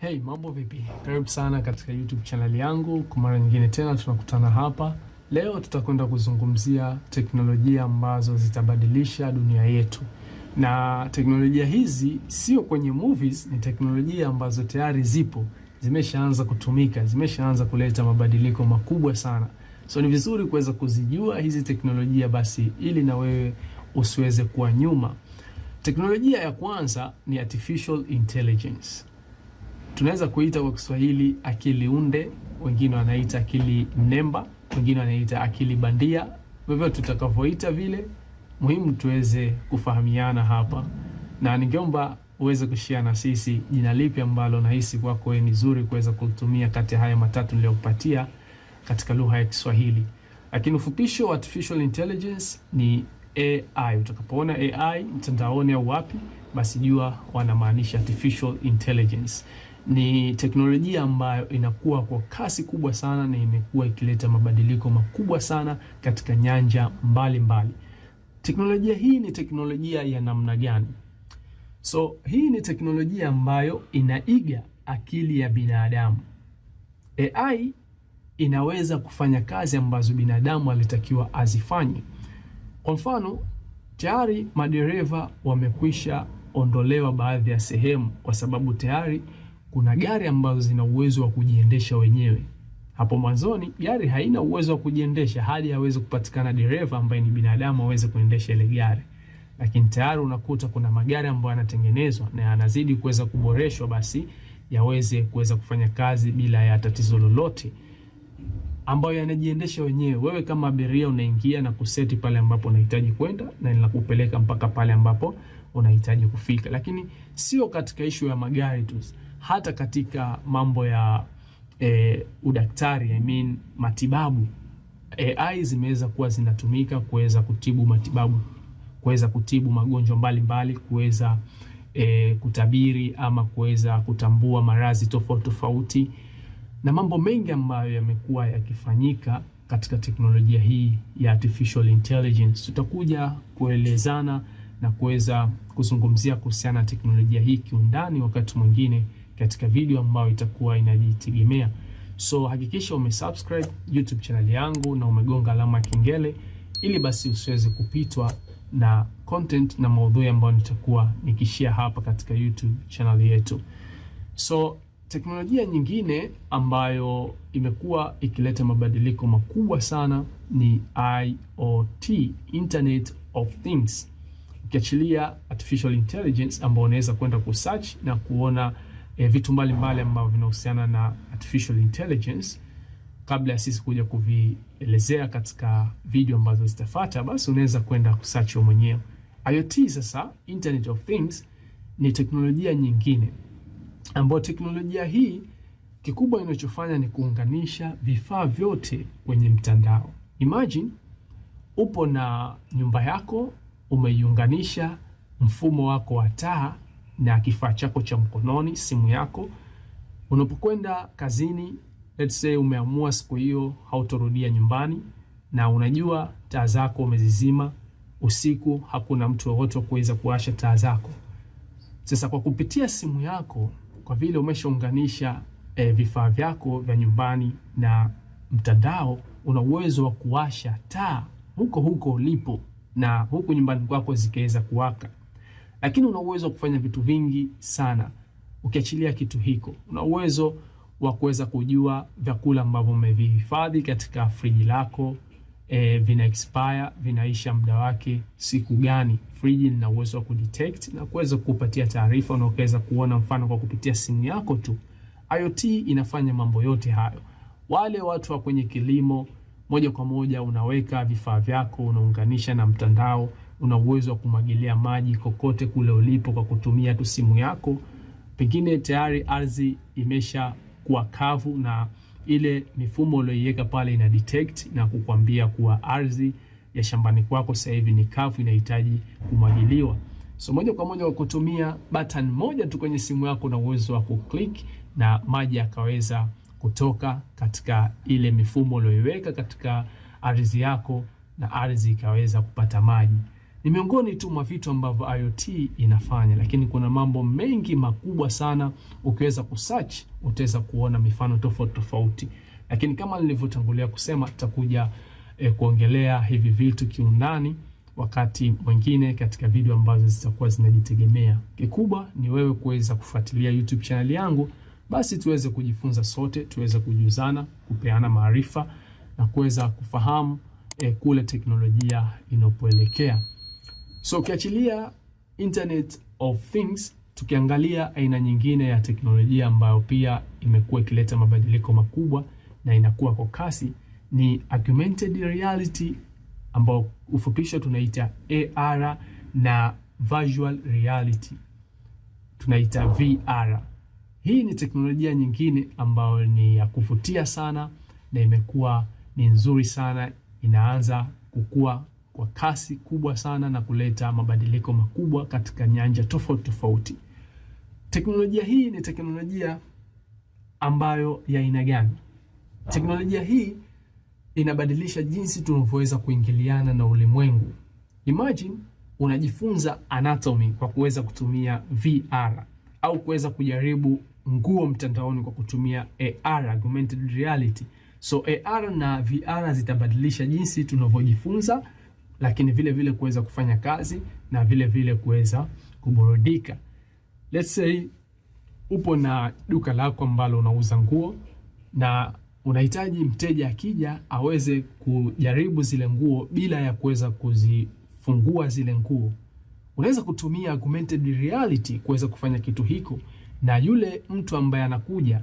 Hey, mambo vipi? Karibu sana katika YouTube channel yangu. Kwa mara nyingine tena tunakutana hapa. Leo tutakwenda kuzungumzia teknolojia ambazo zitabadilisha dunia yetu, na teknolojia hizi sio kwenye movies, ni teknolojia ambazo tayari zipo, zimeshaanza kutumika, zimeshaanza kuleta mabadiliko makubwa sana. So ni vizuri kuweza kuzijua hizi teknolojia basi, ili na wewe usiweze kuwa nyuma. Teknolojia ya kwanza ni artificial intelligence tunaweza kuita kwa Kiswahili akili unde, wengine wanaita akili mnemba, wengine wanaita akili bandia. Vyovyote tutakavyoita vile, muhimu tuweze kufahamiana hapa, na ningeomba uweze kushia na sisi jina lipi ambalo nahisi kwako ni zuri kuweza kutumia kati ya haya matatu niliyokupatia katika lugha ya Kiswahili. Lakini ufupisho wa artificial intelligence ni AI. Utakapoona AI mtandaoni au wapi, basi jua wanamaanisha artificial intelligence. Ni teknolojia ambayo inakuwa kwa kasi kubwa sana na imekuwa ikileta mabadiliko makubwa sana katika nyanja mbalimbali mbali. Teknolojia hii ni teknolojia ya namna gani? So hii ni teknolojia ambayo inaiga akili ya binadamu. AI inaweza kufanya kazi ambazo binadamu alitakiwa azifanye. Kwa mfano, tayari madereva wamekwisha ondolewa baadhi ya sehemu kwa sababu tayari kuna gari ambazo zina uwezo wa kujiendesha wenyewe. Hapo mwanzoni gari haina uwezo wa kujiendesha hadi aweze kupatikana dereva ambaye ni binadamu aweze kuendesha ile gari, lakini tayari unakuta kuna magari ambayo yanatengenezwa na yanazidi kuweza kuboreshwa, basi yaweze kuweza kufanya kazi bila ya tatizo lolote, ambayo yanajiendesha wenyewe. Wewe kama abiria unaingia na kuseti pale ambapo unahitaji kwenda na linakupeleka mpaka pale ambapo unahitaji kufika. Lakini sio katika ishu ya magari tu hata katika mambo ya e, udaktari I mean, matibabu eh, AI zimeweza kuwa zinatumika kuweza kutibu matibabu, kuweza kutibu magonjwa mbalimbali, kuweza e, kutabiri ama kuweza kutambua maradhi tofauti tofauti na mambo mengi ambayo yamekuwa yakifanyika katika teknolojia hii ya artificial intelligence. Tutakuja kuelezana na kuweza kuzungumzia kuhusiana na teknolojia hii kiundani wakati mwingine katika video ambayo itakuwa inajitegemea. So hakikisha umesubscribe YouTube channel yangu na umegonga alama ya kengele ili basi usiweze kupitwa na content na maudhui ambayo nitakuwa nikishia hapa katika YouTube channel yetu. So teknolojia nyingine ambayo imekuwa ikileta mabadiliko makubwa sana ni IoT, Internet of Things, ukiachilia artificial intelligence ambayo unaweza kwenda kusearch na kuona e, vitu mbalimbali ambavyo vinahusiana na artificial intelligence kabla ya sisi kuja kuvielezea katika video ambazo zitafuata, basi unaweza kwenda kusearch wewe mwenyewe. IoT sasa, Internet of Things, ni teknolojia nyingine ambayo teknolojia hii kikubwa inachofanya ni kuunganisha vifaa vyote kwenye mtandao. Imagine upo na nyumba yako umeiunganisha mfumo wako wa taa na kifaa chako cha mkononi, simu yako. Unapokwenda kazini, let's say umeamua siku hiyo hautorudia nyumbani na unajua taa zako umezizima usiku, hakuna mtu wowote wa kuweza kuwasha taa zako. Sasa kwa kupitia simu yako, kwa vile umeshaunganisha e, vifaa vyako vya nyumbani na mtandao, una uwezo wa kuwasha taa huko huko ulipo na huku nyumbani kwako zikiweza kuwaka lakini una uwezo wa kufanya vitu vingi sana. Ukiachilia kitu hiko, una uwezo wa kuweza kujua vyakula ambavyo umevihifadhi katika friji lako e, vina expire vinaisha muda wake siku gani. Friji lina uwezo wa kudetect na kuweza kupatia taarifa na ukaweza kuona, mfano kwa kupitia simu yako tu. IoT inafanya mambo yote hayo. Wale watu wa kwenye kilimo, moja kwa moja unaweka vifaa vyako, unaunganisha na mtandao una uwezo wa kumwagilia maji kokote kule ulipo kwa kutumia tu simu yako. Pengine tayari ardhi imesha kuwa kavu na ile mifumo ulioiweka pale ina detect na kukwambia kuwa ardhi ya shambani kwako sasa hivi ni kavu, inahitaji kumwagiliwa. So moja kwa moja kwa kutumia button moja tu kwenye simu yako na uwezo wa kuclick na maji yakaweza kutoka katika ile mifumo ulioiweka katika ardhi yako na ardhi ikaweza kupata maji ni miongoni tu mwa vitu ambavyo IoT inafanya, lakini kuna mambo mengi makubwa sana. Ukiweza kusearch utaweza kuona mifano tofauti tofauti, lakini kama nilivyotangulia kusema, tutakuja eh, kuongelea hivi vitu kiundani wakati mwingine katika video ambazo zitakuwa zinajitegemea. Kikubwa ni wewe kuweza kufuatilia YouTube channel yangu, basi tuweze kujifunza sote, tuweze kujuzana, kupeana maarifa na kuweza kufahamu eh, kule teknolojia inapoelekea. So ukiachilia Internet of Things, tukiangalia aina nyingine ya teknolojia ambayo pia imekuwa ikileta mabadiliko makubwa na inakuwa kwa kasi ni augmented reality ambao ufupisho tunaita AR na virtual reality tunaita VR. Hii ni teknolojia nyingine ambayo ni ya kuvutia sana na imekuwa ni nzuri sana, inaanza kukua kwa kasi kubwa sana na kuleta mabadiliko makubwa katika nyanja tofauti tofauti. Teknolojia hii ni teknolojia ambayo ya aina gani? Teknolojia hii inabadilisha jinsi tunavyoweza kuingiliana na ulimwengu. Imagine unajifunza anatomy kwa kuweza kutumia VR au kuweza kujaribu nguo mtandaoni kwa kutumia AR, augmented reality. So AR na VR zitabadilisha jinsi tunavyojifunza lakini vile vile kuweza kufanya kazi na vile vile kuweza kuburudika. Let's say upo na duka lako ambalo unauza nguo na unahitaji mteja akija aweze kujaribu zile nguo bila ya kuweza kuzifungua zile nguo. Unaweza kutumia augmented reality kuweza kufanya kitu hiko, na yule mtu ambaye anakuja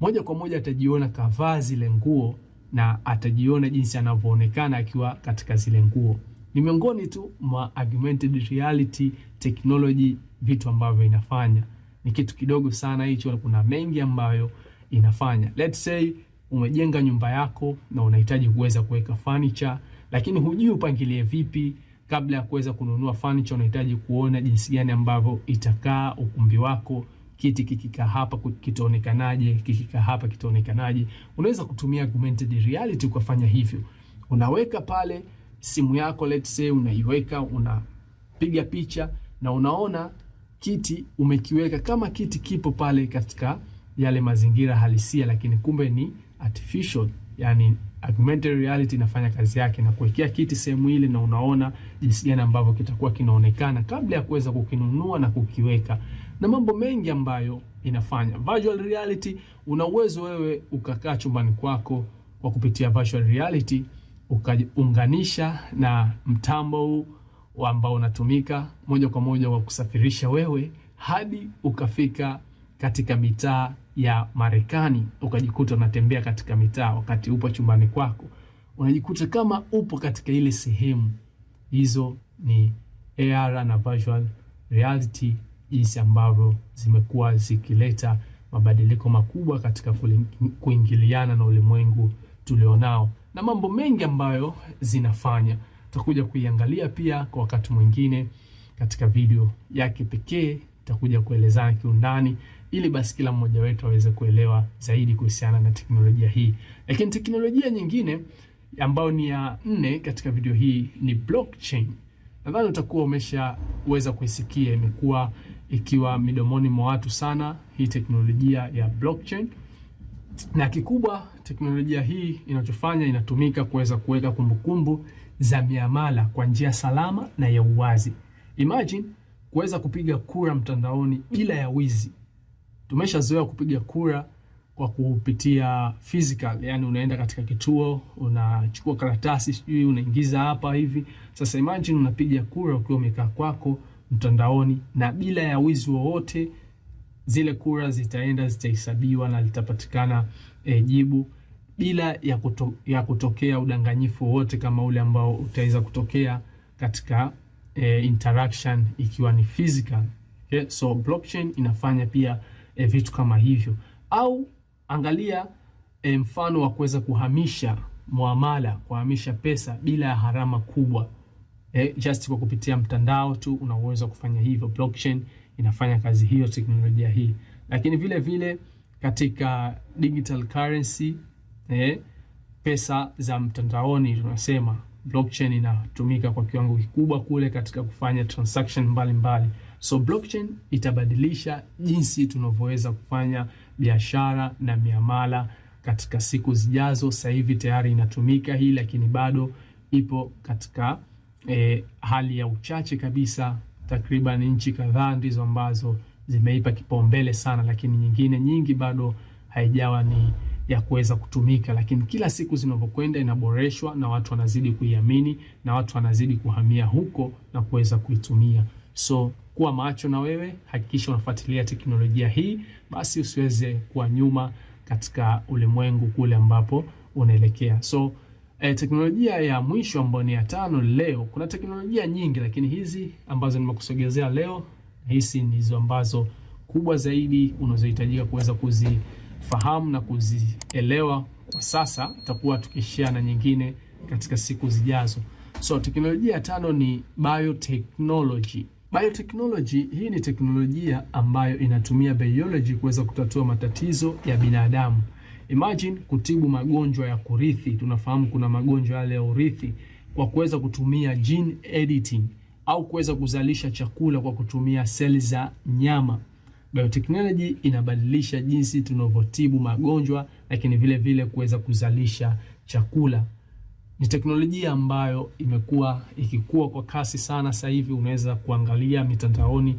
moja kwa moja atajiona kavaa zile nguo na atajiona jinsi anavyoonekana akiwa katika zile nguo ni miongoni tu mwa augmented reality technology, vitu ambavyo inafanya ni kitu kidogo sana hicho. Kuna mengi ambayo inafanya. Let's say umejenga nyumba yako na unahitaji kuweza kuweka furniture, lakini hujui upangilie vipi. Kabla ya kuweza kununua furniture, unahitaji kuona jinsi gani ambavyo itakaa ukumbi wako kiti kikikaa hapa kitaonekanaje, kikikaa hapa kitaonekanaje. Unaweza kutumia augmented reality ukafanya hivyo, unaweka pale simu yako let's say unaiweka, unapiga picha na unaona kiti umekiweka kama kiti kipo pale katika yale mazingira halisia, lakini kumbe ni artificial, yani augmented reality inafanya kazi yake na kuwekea kiti sehemu ile, na unaona jinsi gani ambavyo kitakuwa kinaonekana kabla ya kuweza kukinunua na kukiweka, na mambo mengi ambayo inafanya. Virtual reality, una uwezo wewe ukakaa chumbani kwako kwa kupitia virtual reality ukaunganisha na mtambo huu ambao unatumika moja kwa moja wa kusafirisha wewe hadi ukafika katika mitaa ya Marekani, ukajikuta unatembea katika mitaa wakati upo chumbani kwako, unajikuta kama upo katika ile sehemu. Hizo ni AR na virtual reality, jinsi ambavyo zimekuwa zikileta mabadiliko makubwa katika kuingiliana na ulimwengu tulionao na mambo mengi ambayo zinafanya. Tutakuja kuiangalia pia kwa wakati mwingine katika video yake pekee, tutakuja kuelezana kiundani, ili basi kila mmoja wetu aweze kuelewa zaidi kuhusiana na teknolojia hii. Lakini teknolojia nyingine ambayo ni ya nne katika video hii ni blockchain. Nadhani utakuwa umeshaweza kuisikia, imekuwa ikiwa midomoni mwa watu sana hii teknolojia ya blockchain na kikubwa teknolojia hii inachofanya inatumika kuweza kuweka kumbukumbu za miamala kwa njia salama na ya uwazi. Imagine kuweza kupiga kura mtandaoni bila ya wizi. Tumeshazoea kupiga kura kwa kupitia physical, yani unaenda katika kituo unachukua karatasi, sijui unaingiza hapa hivi. Sasa imagine unapiga kura ukiwa umekaa kwako mtandaoni na bila ya wizi wowote zile kura zitaenda zitahesabiwa na litapatikana e, jibu bila ya, kuto, ya kutokea udanganyifu wowote kama ule ambao utaweza kutokea katika e, interaction ikiwa ni physical okay? So blockchain inafanya pia e, vitu kama hivyo, au angalia e, mfano wa kuweza kuhamisha muamala, kuhamisha pesa bila ya harama kubwa e, just kwa kupitia mtandao tu unaweza kufanya hivyo blockchain inafanya kazi hiyo teknolojia hii, lakini vile vile katika digital currency eh, pesa za mtandaoni tunasema blockchain inatumika kwa kiwango kikubwa kule katika kufanya transaction mbalimbali mbali. So blockchain itabadilisha jinsi tunavyoweza kufanya biashara na miamala katika siku zijazo. Sasa hivi tayari inatumika hii, lakini bado ipo katika eh, hali ya uchache kabisa takriban nchi kadhaa ndizo ambazo zimeipa kipaumbele sana, lakini nyingine nyingi bado haijawa ni ya kuweza kutumika, lakini kila siku zinavyokwenda inaboreshwa na watu wanazidi kuiamini na watu wanazidi kuhamia huko na kuweza kuitumia. So kuwa macho na wewe, hakikisha unafuatilia teknolojia hii, basi usiweze kuwa nyuma katika ulimwengu kule ambapo unaelekea. So E, teknolojia ya mwisho ambayo ni ya tano leo, kuna teknolojia nyingi, lakini hizi ambazo nimekusogezea leo, hizi ndizo ambazo kubwa zaidi unazohitajika kuweza kuzifahamu na kuzielewa kwa sasa. Tutakuwa na nyingine katika siku zijazo. So teknolojia ya tano ni biotechnology. Biotechnology hii ni teknolojia ambayo inatumia biology kuweza kutatua matatizo ya binadamu. Imagine kutibu magonjwa ya kurithi. Tunafahamu kuna magonjwa yale ya urithi kwa kuweza kutumia gene editing au kuweza kuzalisha chakula kwa kutumia seli za nyama. Biotechnology inabadilisha jinsi tunavyotibu magonjwa, lakini vile vile kuweza kuzalisha chakula. Ni teknolojia ambayo imekuwa ikikua kwa kasi sana. Sasa hivi unaweza kuangalia mitandaoni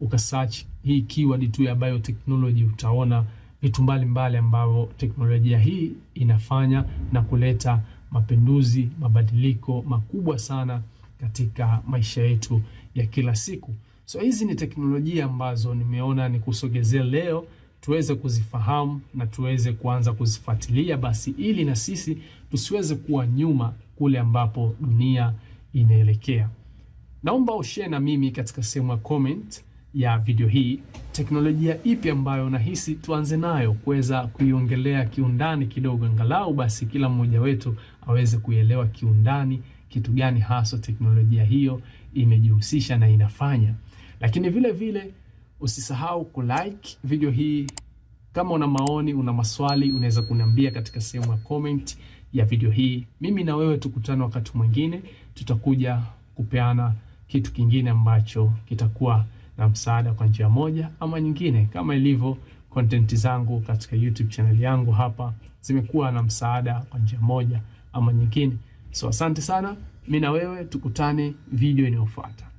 ukasearch hii keyword tu ya biotechnology utaona vitu mbalimbali ambavyo teknolojia hii inafanya na kuleta mapinduzi, mabadiliko makubwa sana katika maisha yetu ya kila siku. So hizi ni teknolojia ambazo nimeona ni kusogezea leo tuweze kuzifahamu na tuweze kuanza kuzifuatilia basi, ili na sisi tusiweze kuwa nyuma kule ambapo dunia inaelekea. Naomba ushare na mimi katika sehemu ya comment ya video hii teknolojia ipi ambayo unahisi tuanze nayo kuweza kuiongelea kiundani kidogo, angalau basi kila mmoja wetu aweze kuielewa kiundani kitu gani haswa teknolojia hiyo imejihusisha na inafanya. Lakini vile vile usisahau kulike video hii. Kama una maoni, una maswali, unaweza kuniambia katika sehemu ya comment ya video hii. Mimi na wewe tukutane wakati mwingine, tutakuja kupeana kitu kingine ambacho kitakuwa na msaada kwa njia moja ama nyingine, kama ilivyo content zangu katika YouTube channel yangu hapa zimekuwa na msaada kwa njia moja ama nyingine. So asante sana, mimi na wewe tukutane video inayofuata.